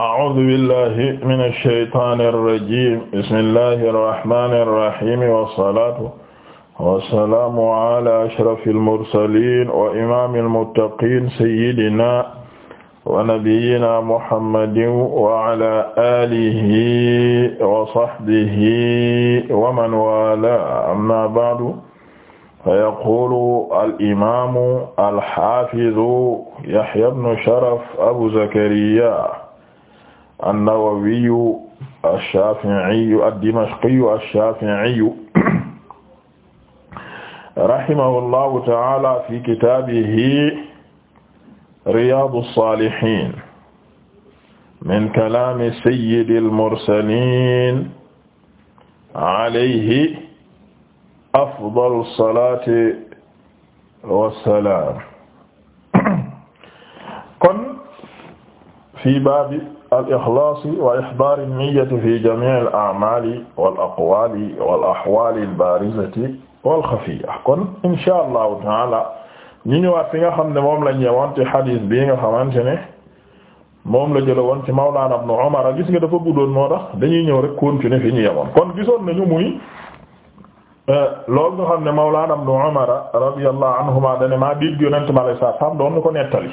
a'uuzu billaahi mina shaytaani rajiim bismillaahi rahmaani rahiim wasalaatu wasalaamu ala ashrafil mursaliin wa imaamil muttaqiin sayyidinaa wa nabiyyinaa muhammadin wa ala aalihi wa sahbihi wa man waalaahu ammaa ba'du fa yaquulu al-imaamu al-haafizu Yahyaa ibnu Sharaf Abu Zakariyaa an-Nawawiyu ash-Shafi'iyu ad-Dimashqiyu ash-Shafi'iyu rahimahullahu ta'ala fi kitaabihi Riyaadu s-Saalihiin min kalaami sayyidil mursaliin alayhi afdalu s-salaati wa s-salaam fi baabi al-ixlaas wa ixdaari niyyati fi jamii al-a'maali wal-aqwaali wal-axwaali al-baarizati wal-xafiyya kon inshaa Allahu taala ñu ñëwaat fi nga xam ne moom la ñu yemoon ci xadiis bii nga xamante ne moom la jëlee woon ci Mawlaana Ibnu Umar gis nga dafa guddoon moo tax dañuy ñëw rek continuer fi ñu yemoon kon gisoon nañu muy euh, loolu nga xam ne Mawlaana Ibnu Umar radiyallahu anhumaa dane maa dégg Yonent bi sallallahu alayhi wa sallam doon ko nettali.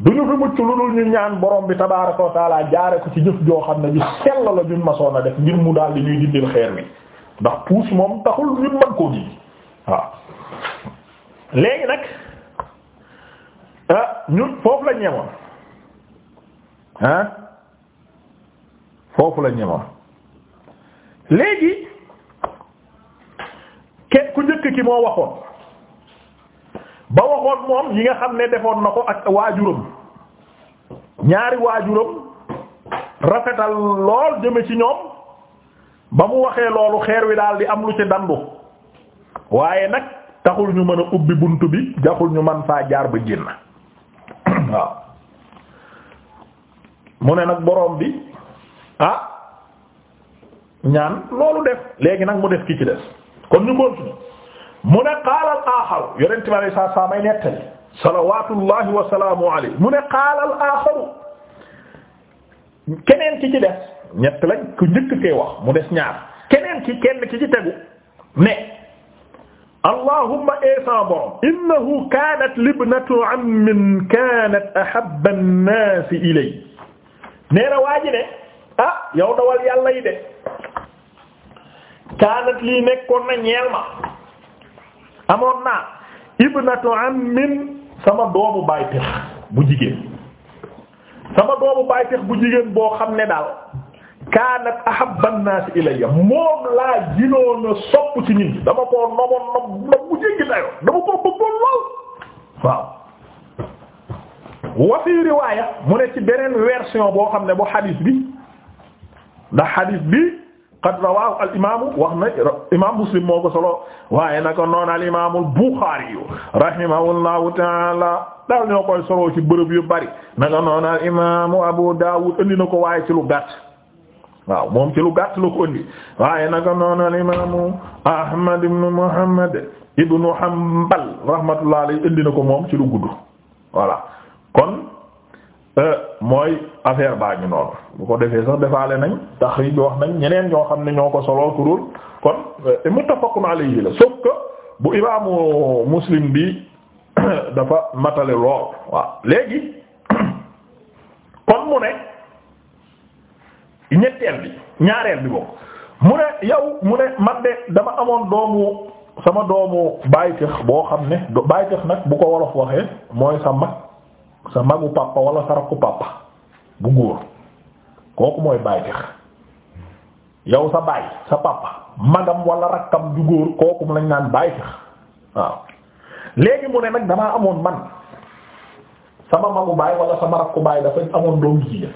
duñu fi mucc lu dul ñu ñaan borom bi tabaaraka wa taala jaare ko ci jëf joo xam ne ñu sell la ñu masoon a def ngir mu daal di ñuy dindil xeer bi ndax puus moom taxul ñu mën koo dindi waaw léegi nag ah ñun la ñemoon ah foofu la ñemoon léegi kenn ku njëkk ki moo waxoon ba waxoon moom yi nga xam ne defoon na ko ak waajuram ñaari waajuram rafetal lool jëme ci ñoom ba mu waxee loolu xeer wi daal di am lu ci dandu waaye nag taxul ñu mën a ubbi bunt bi jaxul ñu man faa jaar ba génn waaw mu ne nag boroom bi ah ñaan loolu def léegi nag mu def ki ci des kon ñu continue mu ne qaala al-aaxar yonent bi alayhi salaatu salaam ay nettali salawaatullahi wa salaamu alayhi mu ne qaala al-aaxaru keneen ki ci des ñett lañ ku mu des ñaar keneen ki kenn ki ci tegu ne allahumma eesan eh borom innahu kaanat libnatu ammin kaanat ahabba an-naasi ilay nee na waa ne ah yow dawal yàlla yi de kaanat lii nekkoon na ñeel ma amoon naa ibnatu ammin sama doomu baay tex bu jigéen sama doomu baay tex bu jigéen boo xam ne daal kaanat ahabban naas ilayya moom laa ginoon a sopp ci nit dama koo noboon nob nob bu jéggi dayoo dama koo bëggoon lool waaw wa riwaaya mu ne ci beneen version boo xam ne bu xadiis bi ndax xadiis bi qad rawaahu al imaamu wax na imaam muslim moo ko solo waaye naka noonu al imaamu buxaari rahimahullahu taala daal ñoo koy solo ci bërëb yu bari naka noonu al imaamu abu daawud andi na ko waaye ci lu gàtt waaw moom ci lu gàtt la ko andi waaye naka noonu al imaamu ahmad ibn muhammad ibn hanbal rahmatullahi alayhi andi na ko moom ci lu gudd voilà kon. mooy affaire baa ñu noonu bu ko defee sax defaale nañ taxriij bi wax nañ ñeneen ñoo xam ne ñoo ko solo kurul kon eh, muttafaqun alayhi la sauf ko bu imaamu muslim bi dafa matale lool waaw léegi kon mu ne ñetteel bi ñaareel bi boobu mu ne yow mu ne mat de dama amoon doomu sama doomu baay tëx boo xam ne baay tëx nag bu ko wolof waxee mooy sa sa magu papa wala sa rakku papa bu góor kooku mooy baay tex yow sa baay sa papa magam wala rakkam bu góor kooku lañ naan baay tex waaw léegi mu ne nag damaa amoon man sama magu baay wala sama rakku baay dafa amoon doom jigéen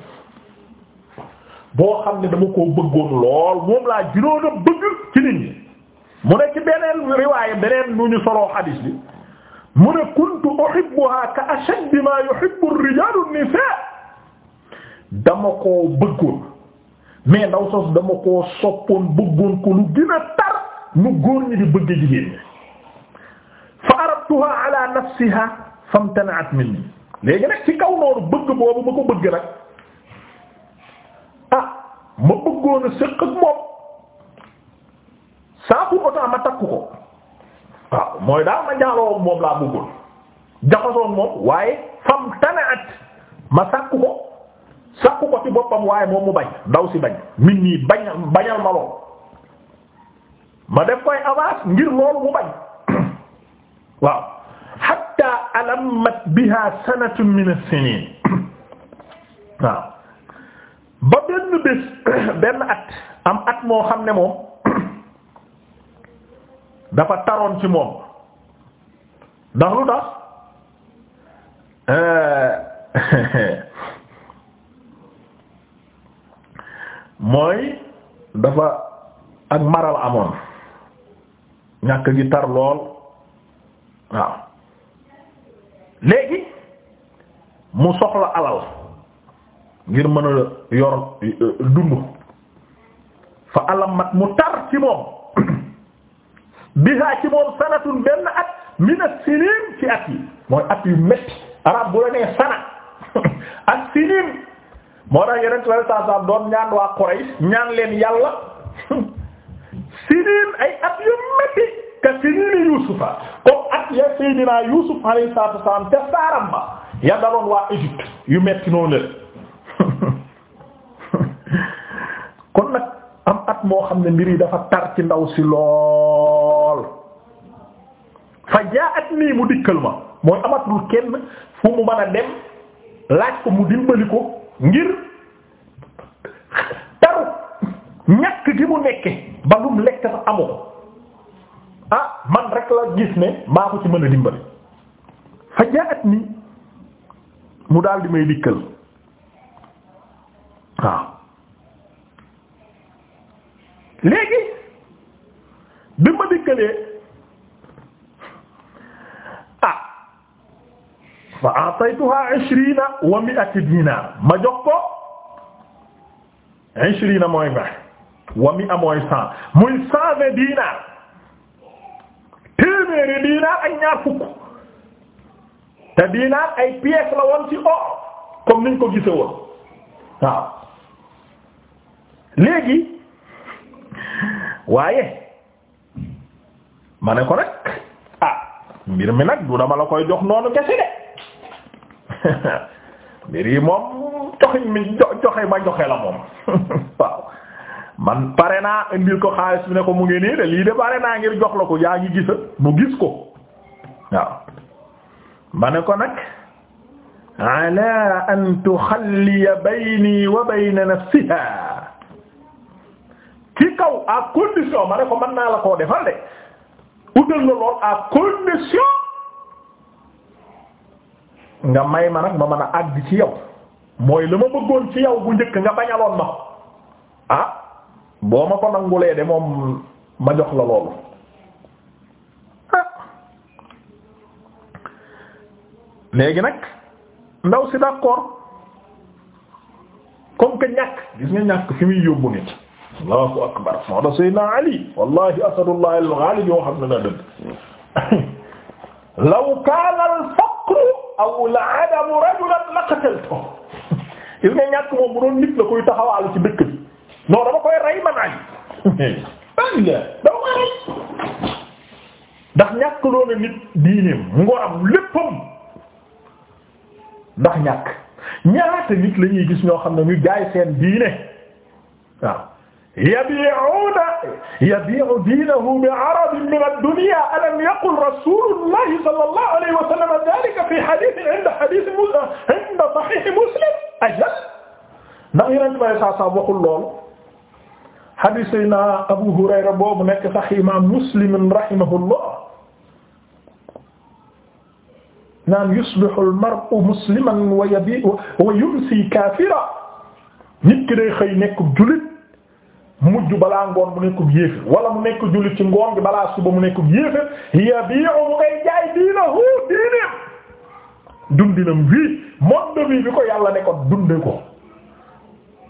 boo xam ne dama koo bëggoon lool moom laa juróom bëgg ci nit ñi mu ne ci beneen riwaaya beneen nu ñu soloo xadiis bi mu ne kuntu uhibbuha ka ashaddi ma yuhibbu ar-rijalu an-nisaa dama koo bëggoon mais ndaw sos dama koo soppoon bëggoon ko lu gën a tar nu góor ñi di bëgg jigéen ñi fa aradtuha ala nafsiha famtana'at minni léegi nag ci kaw noonu bëgg boobu ma ko bëgg nag ah ma bëggoon a sëq ak moom saa pour autant ma takk ko waaw mooy daal ma jaaloo moom laa bëggoon jaxasoon moom waaye fam tanaat ma sàkku ko sàkku ko ci boppam waaye moom mu bañ daw si bañ min nii bañ bañal ma lool ma def koy avance ngir loolu mu bañ waaw hatta alamat biha sanatun min as-sinin waaw ba benn bés benn at am at moo xam ne moom dafa taroon ci moom ndax lu tax euh, mooy dafa ak maral amoon ñàkk gi tar lool waaw léegi mu soxla alal ngir mën a yor euh, dund fa alamat mu tar ci moom bihaa ci moom sanatun benn at min as-sinin ci at yi mooy at yu métti arab bu la nee sana ak moo tax yeneen sallallahu alayhi wasallam ñaan waa Quraysh ñaan leen yàlla sinin ay at yu métti ka sinin Yuusufa comme at ya Seydina Yuusuf alayhi salaatu wasallam te saaram ba ya daloon waa Égypte yu métti noonu la kon nag am at moo xam ne mbir yi dafa tar ci ndaw si lool fa jaa'atnii mu dikkal ma mooy amatul kenn fu mu mën a dem laaj ko mu dimbali ko ngir taru ñàkk gi mu nekke ba lum lekk sax amu ko ah man rek la gis ne maa ko ci mën a dimbali fa jaa'atnii mu daal di may dikkal waaw léegi bi ma dikkalee fa a'taytuha ishrina wa mi'ati dinar ma jox ko ishrina mooy a wa mi'a mooy cent muy cent vingt dinar téeméeri dinar ak ñaar fukk te dinar ay pièces la woon ci or comme niñ ko gise woon waaw léegi waaye ma ne ko rek ah mbir mi nag du dama la koy jox noonu kese de mbir yi moom joxe mi joxe ma joxe la moom waaw man pare naa indil ko xaalis bi ne ko mu ngi nii de lii pare naa ngir jox la ko yaa ngi gisa mu gis ko waaw ma ko nag ala an tuxalliya bayni wa bayna nafsiha ci kaw à condition ko mën naa la koo defal de utal la nga may ma nag ma mën a àgg ci yow mooy la ma bëggoon ci yow bu njëkk nga bañaloon ma ah boo ma ko nangulee de moom ma jox la loolu ah léegi nag ndaw si d'accord comme que ñàkk gis nga ñàkk fi muy yóbbu nit allahu akbar moo tax sayyidina ali wallahi asadullah al ghalib yoo xam ne na dëgg law kaana al aw la adamu rajulan laqataltu gis nga ñàkk moom bu doon nit la koy taxawaalu ci dëkk bi non dama koy rey man añ alla dama koy rey ndax ñàkk loolu nit diineem ngoram léppam ndax ñàkk ñaata nit la gis ñoo xam ne ñu jaay seen diine waaw yabi'una yabi'u diinahu bi 'aradin min ad-dunya alam yaqul rasulullahi sallallahu alayhi wa sallam dhalika fi hadith 'inda hadith muslim 'inda sahih muslim ajal ndax yeneen tubaab yi saa saa waxul lool hadith Seydina Abu Hurayra boobu nekk sahih imaam Muslim rahimahullah naan yusbihu al-mar'u musliman wa yabi'u wa yumsi kaafira nit ki day xëy nekk jullit mujj balaa ngoon mu nekkub yéefér wala mu nekk jullit ci ngoon bi balaa suba mu nekkub yéefér yabi'u mu ngay jaay diinahu diineem dundinam wii monde bi bi ko yàlla ne ko dunde ko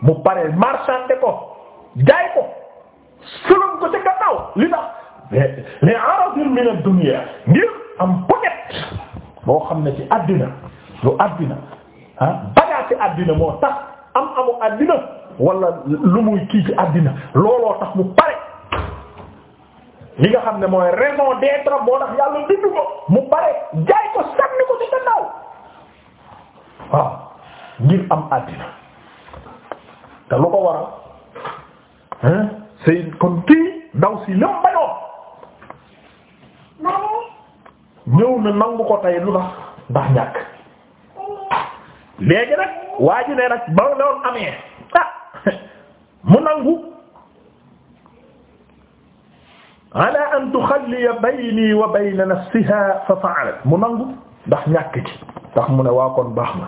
mu pare marchande ko jaay ko sulum ko ci gannaaw li tax li aradin min ad-dunya ngir am pocket boo xam ne ci àddina lu àddina ah ci àddina moo tax am amu àddina wala lu muy kii ci àddina looloo tax mu pare li nga xam ne mooy raison d'être moo tax yàlla bindu ko mu pare jaay ko sànni ko ci gannaaw waaw ngir am àddina te lu ko waral hein say kon kii ndaw si lëm bañoo ñëw na nangu ko tey lu tax ndax ñàkk léegi nag waa ji ne nag ba ah mu nangu ala an tuxalliya bayni wa bayna nafsiha fa fa'alat mu nangu ndax ñàkk ci ndax mu ne waa kon baax na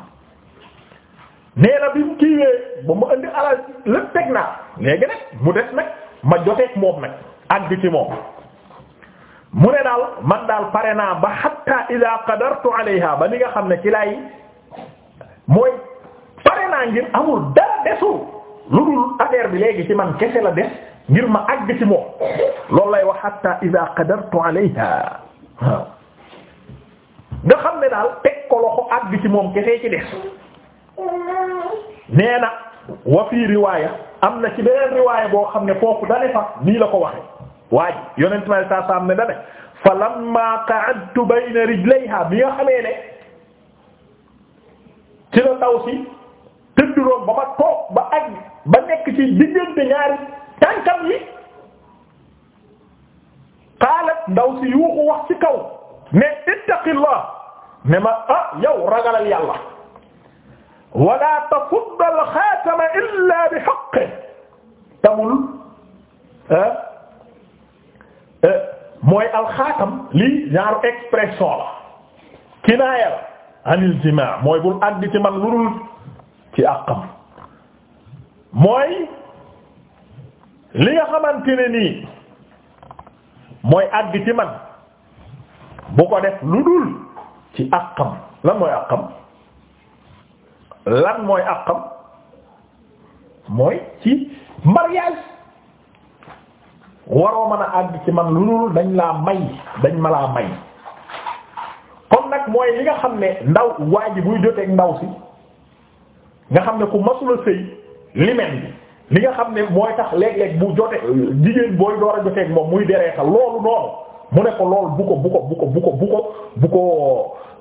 nee na bi mu kiiwee ba mu indi alal léegi mu des nag ma joteeg moom nag àgg ci moom mu ne daal man daal pare naa ba hatta ida qadartu alayha ba li nga xam ne kilay mooy pare naa ngir amul dara desul lu dul bi léegi ci man kese la des ngir ma àgg ci moom loolu lay wax hatta idha qadartu nga xam ne daal teg ko loxo ci moom kese ci des nee na wa fii riwaaya am na ci beneen riwaaya boo xam ne foofu dane fa nii la ko waxe waaye yonent ma saa saa am ne dane fa lamma qa'adtu bayna rijlayha bi nga xamee ne ci la ndaw si tëdduloon ba ma toog ba aj ba nekk ci diggante ñaari tànkam yi xaalat ndaw si yuuxu wax ci kaw ne ittaqillah ne ma ah yow ragalal yàlla wala tafudd al xaatama illa bi xaqe tamul ah, ah, mooy alxaatam lii genre expression la kinaaya la anil jimaa mooy bul àgg ci man lu dul ci àqam mooy li nga xamante nii mooy àgg ci man bu ko def lu dul ci àqam lan mooy àqam lan mooy àqam mooy ci mariage waroo mën a àgg ci man lu dul dañ laa may dañ ma laa may nag mooy li nga xam ne ndaw waa ji buy joteeg ndaw si nga xam ne ku masula sëy limen bi li nga xam ne mooy tax léeg-léeg bu jote jigéen booy door a joteeg moom muy dereeta loolu noonu mu ne ko lool bu ko bu ko bu ko bu ko bu ko bu ko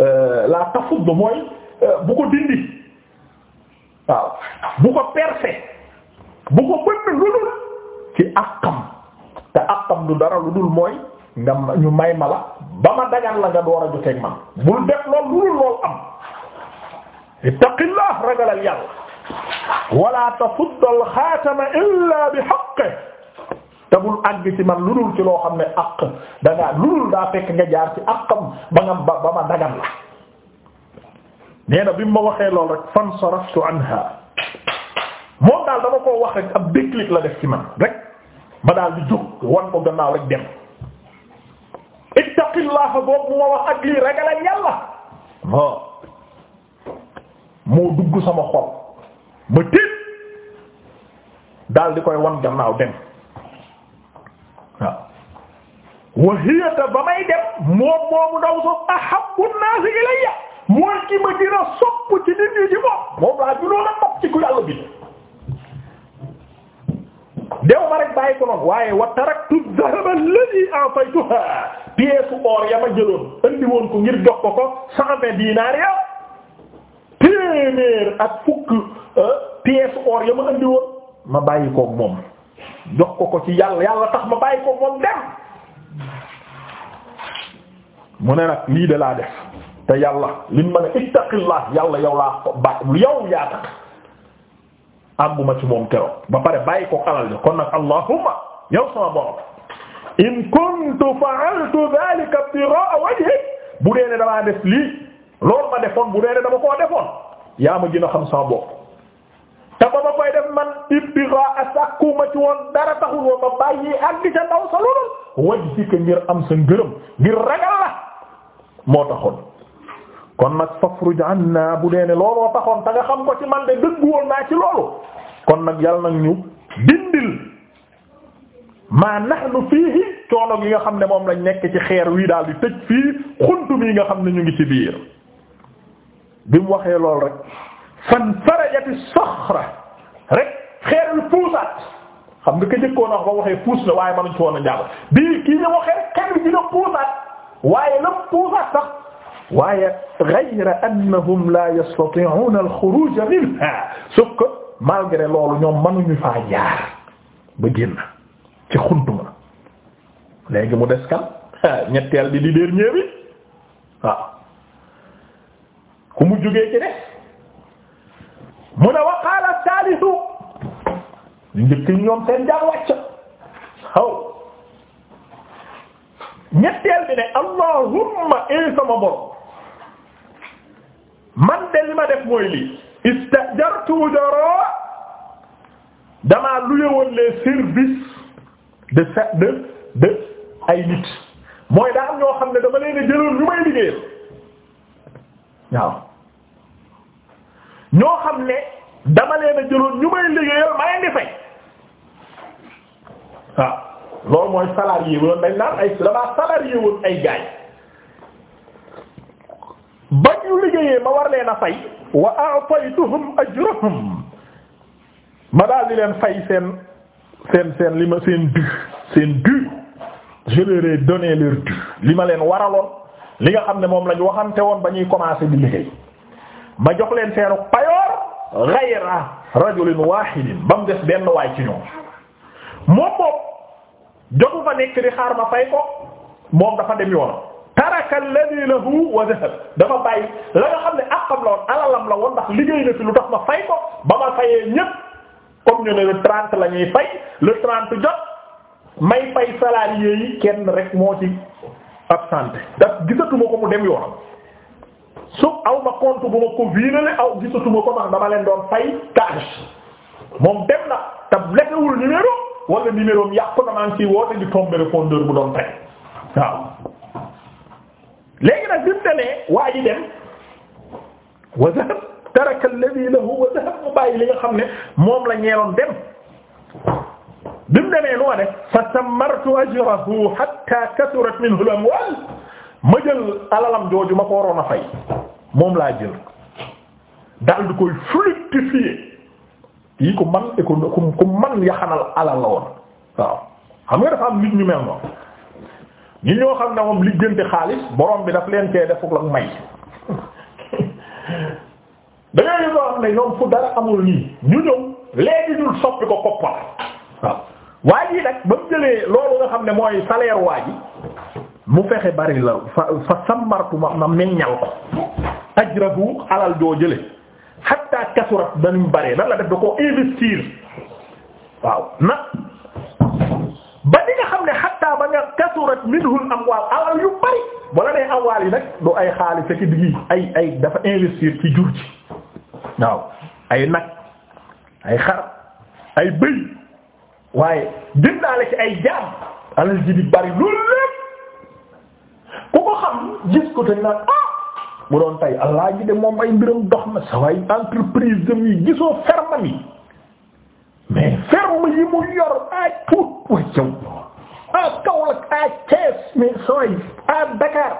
euh, la euh, bu ko dindi waaw bu lu dul ci àqam te àqam du dara lu dul mooy nga ñu may ma ba ma dagan la nga door a joteeg man bul def lool lu dul lool am ittaqillah ragalal yàlla wala tafudd al xaatama illa bi haqqihi te bul àgg ci man lu dul ci loo xam ne aq da ngaa lu dul daa fekk nga jaar ci aqam ba nga ba ma dagan la nee na bi ma waxee lool rek fansaraftu anha moom daal dama koo wax rek ab déclic la def ci man rek ma daal di jóg wan ko gannaaw rek dem ittaqillaaha boobu mu ma wax ak lii ragalal yàlla waaw moo dugg sama xol ba tiit daal di koy wan gannaaw dem waaw wa ba may dem moom moomu ndaw so ahabbu naasi ilayya mooy ki ma gën sopp ci nit ñi moom moom laa junoon a nopp ci ku yàlla bi dew ma rek bàyyi ko noonu waaye wa taraktu dhahaba alladhi a'taytuha pièce or ya ma jëloon andi woon ko ngir jox ko ko sa vingt dinaar ya téeméer ak fukk euh, pièce or ya ma andi woon ma bàyyi ko moom jox ko ko ci yàlla yàlla tax ma bàyyi ko moom dem mu ne nag lii de laa def te yàlla lim ma ne ittaqillah yàlla yow laa ko ba yow yaa tax àgguma ci moom keroog ba pare bàyyi ko alal ji kon nag allahumma yow sama borom in kuntu fa'altu dhalika ibtira'a wajhik bu dee ne damaa def lii loolu ma defoon bu dama koo defoon yaa ma gën a xam sama bopp te ba ma koy def man ibtira'a sàkku ma ci woon dara taxul woon ma bàyyi ak di ca ngir am sa ngërëm ngir ragal moo taxoon kon nag fafruj anna bu dee ne looloo taxoon ta nga xam ko ci man de dëggu woon naa ci loolu kon nag yàlla nag ñu dindil maa nahnu fiihi coono gi nga xam ne moom lañ nekk ci xeer wii daal di tëj fii xuntu mi nga xam ne ñu ngi ci biir bi mu waxee lool rek fan farajati saxra rek xeer wi puusaat xam nga ka jëkkoon wax ba waxee puus na waaye mënuñ ci woon a njàpp kii ñu waxee xeer bi dina puusaat waaye la puusaat sax waaye ghayra annahum la yastati'una al-khuruj minha sauf loolu ñoom mënuñu faa jaar ba génn ci xuntu ma léegi mu des kan ñetteel bi di dernier bi waaw ku mu jógee ci des mu ne wa qaala njëkk ñoom seen jaar wàcc xaw ñetteel bi ne allahumma ee eh sama borom man de li ma def mooy lii istajartu wujara damaa luye woon les services de de de ay nit mooy daa ñoo xam ne dama leen jëloon ñu may liggéeyal waaw ñoo xam ne dama leen jëloon ñu may liggéeyal ma leen di fay waaw mooy salarié woon dañ naan ay damaa salarié woon ay gaay ba ñu liggéeyee ma war leen a fay wa a'taytuhum ajrahum ma daal di leen fay seen seen seen li ma seen dû seen dû je leur ai li ma leen waraloon li nga xam ne moom lañu waxante woon ba ñuy commencer bi liggéey ma jox leen seenu payoor ghayra rajulin wahidin ba mu des benn waay ci ñoom moom moom jotu fa nekk di xaar ma fay ko moom dafa dem yoonam taraka alladhi lahu wa dhahab dafa bàyyi la nga xam ne àqam la woon alalam la woon ndax liggéey na fi lu tax ma fay ko ba ma fayee ñépp comme ñu ne le trente la fay le trente jot may fay salarié yi kenn rek moo ci absenté ndax gisatuma ko mu dem yoonam su aw ma compte bu ma ko viinale aw gisatuma ko ndax dama leen doon fay cash moom dem na te lekkewul numéro wala numéro am yàqu na maa ngi ciy woote di tombé bu doon fay waaw. nag bi mu demee dem wa dhahab taraka alladhi lahu nga xam ne moom la ñeeloon dem bi mu demee lu ma def fa sammartu ajrahu hatta kasurat minhu al-amwal ma jël alalam jooju ma ko waroon a fay moom laa jël daal di koy fructifier yi ko man ko ku man yaxanal alal la woon waaw xam nga dafa am nit ñu mel noonu ñi ñoo xam ne moom liggante xaalis borom bi daf leen cee defuk ak may dañoo ñu ñoo léegi ñu soppi ko koppal waaw waa ji nag ba mu jëlee loolu nga xam ne mooy salaire waa ji mu fexe bari la fa fa sammartu ma meññal ko ajrahu alal joo jële hatta kasurat dañu baree nan la def da ko investir waaw na tuuti amwaal alal yu bari wala nee amwaal yi nag du ay xaalis ak digg ay ay dafa investir ci jur ji waaw ay nag ay xar ay bëy waaye dindaale ci ay jaam alal di bari loolu lépp ku ko xam gis ko te naan ah bu doon tay allah ji de moom ay mbiram dox na sa entreprise dem yi gisoo ferme yi mais ferme yi mu yor ay tuut way caw à Kaolack à Thiès mais sooy à Dakar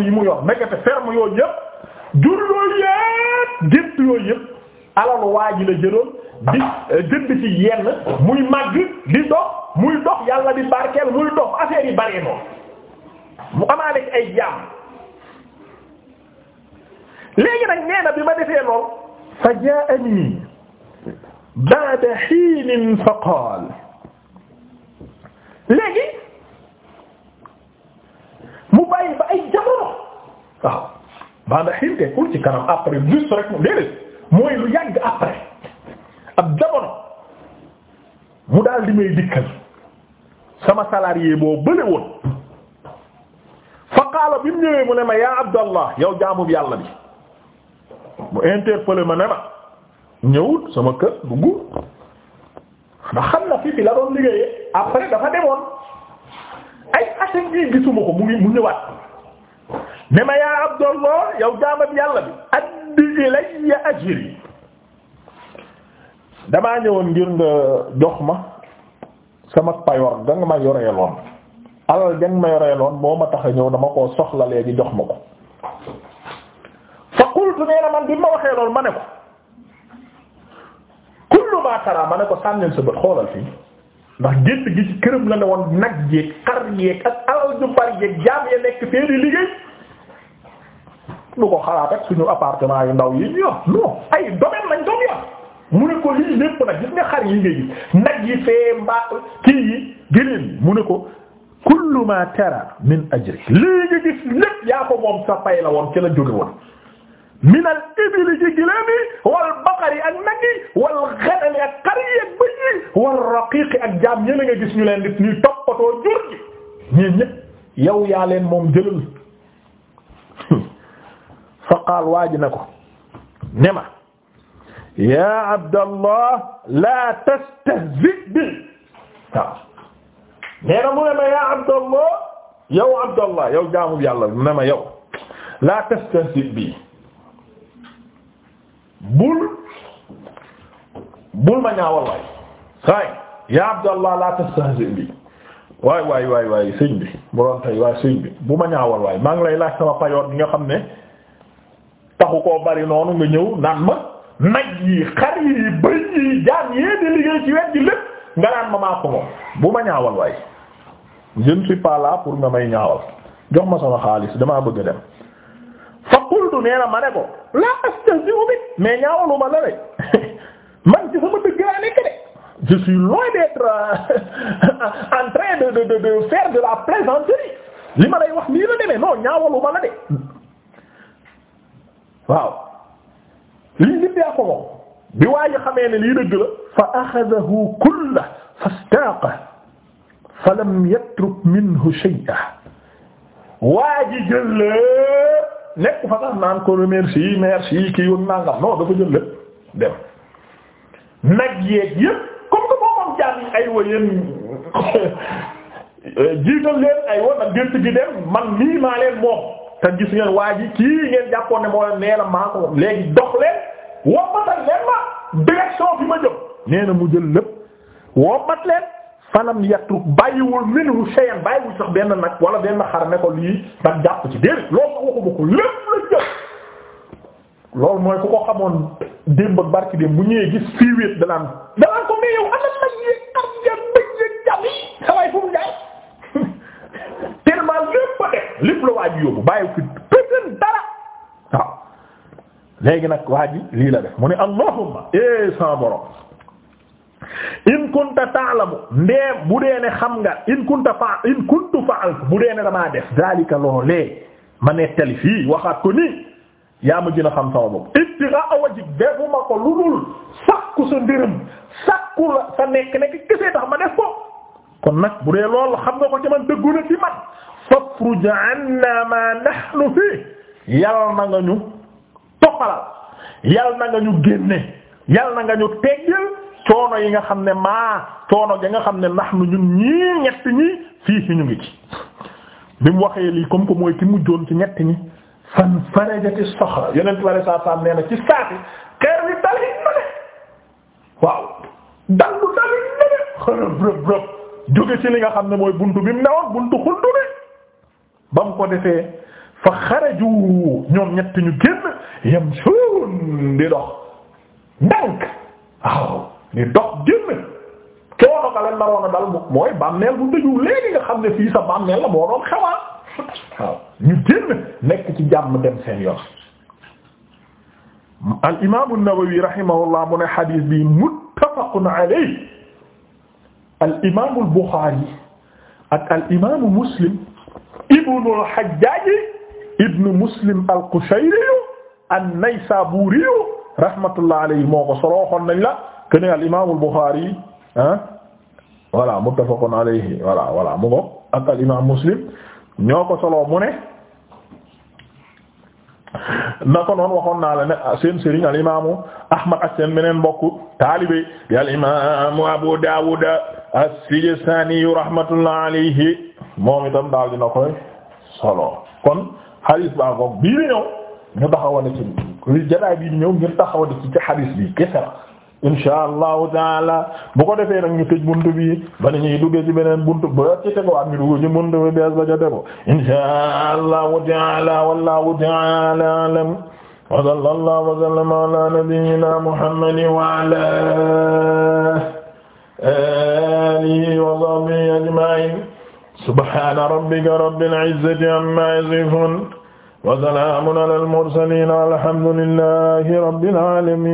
yi mu yor nekkate ferme yooyu yëpp jur yooyu yëpp gétt yooyu yëpp alal waa la jëloon di jënd eh, ci muy màgg di dox muy dox yàlla di barkeel muy dox affaire yi bari noonu mu amaale ci ay jaam léegi nag nee na bi ma defee lool fa jaa'ani ba'da hiin fa qaala léegi mu bàyyi ba ay jamono waaw baada xiin teekul ci kanam après juste rek mooy lu yàgg après ab jamono mu daal di may dikkal sama salarié boo bële woon fa qaala bi mu ñëwee mu ne yaa abdallah yow jaamub yàlla bi mu interpellé ma ne ñëwut sama kër duggu ndax xam na fi la doon liggéeyee après dafa demoon ay atam yi gisuma ko mu ngi mu ñëwaat ne ma yaa Abdallah yow jaamam yàlla bi addi ilayya ajri damaa ñëwoon ngir nga jox ma sama payoor da nga ma yoreeloon alal da nga ma yoreeloon moo ma tax a ñëw dama koo soxla léegi jox ma ko fa qultu nee na man bi ma waxee lool ma ne ko kullu ma tara ma ne ko sànnil sa bët xoolal fii ndax gétt gi ci këram la ne woon nag yeeg xar yeeg alal ju bari yeeg jaam ya nekk fee di liggéey lu ko xalaat ak suñu appartement yu ndaw yi ñu yor non ay domaine lañ doon yor mu ne ko lii lépp yi ngay nag yi yi gëléen mu ne ko kullu ma tara min ajri lii nga gis lépp yaa moom sa pay la woon ci a jóge woon minal ibili ci gileem yi wal baqari ak nag yi wal ghanami ak xar yi ak bëy yi wal raqiqi ak jaam yële nga gis ñu leen di ñuy toppatoo jur gi ñii ñëpp yow yaa leen moom jëlal fa qaal waaj na ko ne ma yaa abdallah laa tastahzi bi waaw nee na mu ne ma yaa abdallah yow abdallah yow jaamu yàlla ne ma yow laa tastahzi bi bul bul ma ñaawal waay saay ya abdallah la tastahzi bi waay waay waay waay sëñ bi bu doon tey waay sëñ bi bu ma ñaawal waay maa ngi lay laaj sama payoor bi nga xam ne taxu ko bari noonu nga ñëw naan ma nag yi xar yi bëy yi jaan yee di liggéey ci wet ji lépp nga naan ma maa ko moom bu ma ñaawal waay je ne suis pour nga may ñaawal jox ma sama xaalis damaa bëgg dem fa qultu nee na ma ne ko la astahzi'u bik mais ñaawaluma la rek man ci sama dëgg laa nekk de je suis loin d'être euh, en train de de de de faire li ma lay wax nii la demee non ñaawaluma la de waaw lii nit yaa bi waa ji xamee ne lii dëgg la fa axadahu kulla fastaaqa falam yatruk minhu shay'a waa nekk fa sax naan ko remercier merci kii woon naa nga non dafa jël lépp dem nag yeeg yëpp comme que moomam jàmm yi ay wa eh, leen ay nag gént gi dem man nii maa leen moom te gis ngeen waa ji kii ngeen jàppoon ne moo nee na maa ko léegi dox leen wommatal leen ma direction fi ma jëm nee na mu jël lépp wommat leen falam yatruk bàyyiwul minhu shay'an bàyyiwul sax benn nag wala benn xar ne ko lii nag jàpp ci déedéet loolu ko waxuma ko lépp la jël loolu mooy ku ko xamoon démb barki démb bu ñëwee gis fii wéet danaan danaan ko mais yow ana nag yéeg am jam bëj yëg jam yi sawaay fu mu jaay tellement lépp a lépp la waa ji yóbbu bàyyiwu fi pësen dara waaw léegi nag waa lii la def mu ne allahumma e eh, sa borom in kunta ta'lamu ndee bu dee ne xam nga in kunta fa in kuntu fa'altu bu dee ne damaa def zalika loolee ma nettali fii waxaat ko nii yaa ma gën a xam sama bopp ibtigha'a wajhik defuma ma def ko kon nag bu dee loolu xam nga ko ci man dëggu na ci man fafruj 'anna ma nahnu fii yal na nga ñu toxalal yal na nga ñu génne yal na nga ñu teggil coono yi nga xam ne ma coono ga nga xam ne nax nu ñun ñii ñett ñi fii si ñu ngi ci bi mu waxee lii comme que mooy ki mujjoon ci ñett ñi fan farajati soxra yeneen ware saa saam nee na ci saati xeer wi dal yi na ne waaw dal bu dal yi na ne xërëb xam ne mooy buntu bi mu newoon buntu xultu ne ba mu ko defee fa xaraju ñoom ñett ñu génn yam suun di dox ndànk ni dox génn coono nga leen naroon a dal mooy bàmmeel bu dëju léegi nga xam ne fii sa bàmmeel la moo doon xewaa waaw ñu génn nekk ci jàmm dem seen yoon al imaamu an-Nawawi rahimahullah mu ne xadiis bi muttafaqun alayhi al imaamu al Buxaari ak al imaamu Muslim ibnu al Hajjaaj ibnu Muslim al Qushayri an-Naysaburi rahmatullah alayhi moo ko solo waxoon nañ la kene al imaamul Buxaari ah voilà muttafaqun alayhi voilà voilà mu ngo ak al imaam Muslim ñoo ko soloo mu ne na ko noon waxoon naa la ne ah, seen sëriñ al imaamu Ahmad ak seen beneen mbokku taalibe al imaamu Abu Daawud as-Sijistaani rahmatullah alayhi moom itam daal dina koy solo kon xadis baa ngoog bii ñëw ñu taxawane ci li jataay ñëw ngir taxawane ci ci xadis bi kese insha allahu taala bu ko defee nag ñu tëj buntu bi ba ni ñuy duggee ci beneen buntu ba ci tegawaat ñu dugg ci buntu bi bees ba ca tegu insha allahu taala wallahu taala alam wa sallallahu wa sallama ala nabiyyina muhammadin wa ala alihi wa sahbihi ajma'in subhana rabbika rabbil izzati amma yasifun wa salamun ala al mursalin walhamdulillahi rabbil alamin